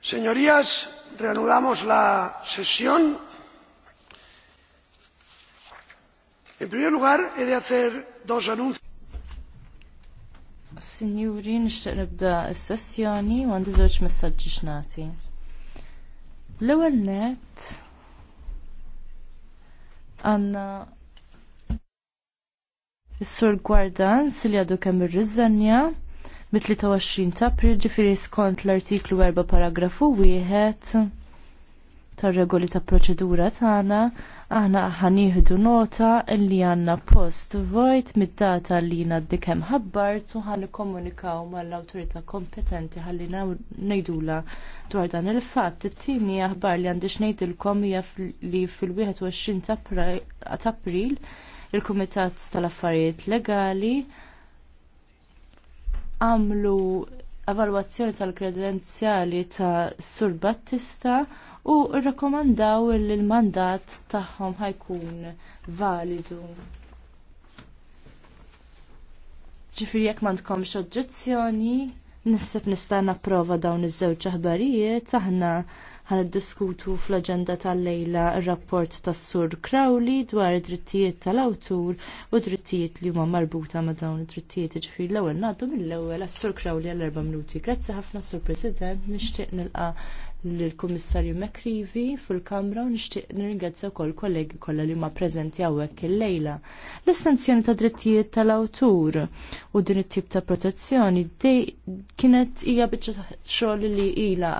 Señorías, reanudamos la sesión. En primer lugar, he de hacer dos anuncios. Signori, nixtieq nibda s-sessjoni u għandi żewġ messaġġi xnati. L-ewwel net għandna is-Sur Gwardans li għadu kemm ir-riżenja mit-23 ta' april ġifiri skont l-artiklu 4 paragrafu 1 tar-regoli ta' proċedura tagħna aħna ħanieħdu nota li għandna post vojt mid-data li jina d-dikem ħabbart u ħan komunikaw mal-autorita kompetenti ħalli ngħidula dwar dan il-fatt. It-tieni aħbar li għandix ngħidilkom hija li fil-21 ta' April il-Kumitat tal-Affarijiet Legali għamlu evalwazzjoni tal-kredenzjali ta' Sur Battista u rrakkomandaw li l-mandat tagħhom ħajkun validu. Ġifieri jekk m'għandkomx oġġezzjoni, nisseb nista' napprova dawn iż-żewġ aħbarijiet aħna ħan diskutu fl-agenda tal-lejla il-rapport tas sur Crowley dwar id-drittijiet tal-awtur u drittijiet li huma marbuta ma' dawn id-drittijiet ġifir l-ewwel ngħaddu mill-ewwel għas-Sur Crowley għal erba' minuti. Grazzi ħafna Sur President, nixtieq nilqa' lill-Kummissarju Mekrivi fil-Kamra u nixtieq nirringrazzja wkoll kollegi kollha li huma preżenti hawnhekk il-lejla. L-istanzjoni ta' drittijiet tal-awtur u din it-tip ta' protezzjoni dej kienet hija biċċa xogħol li ilha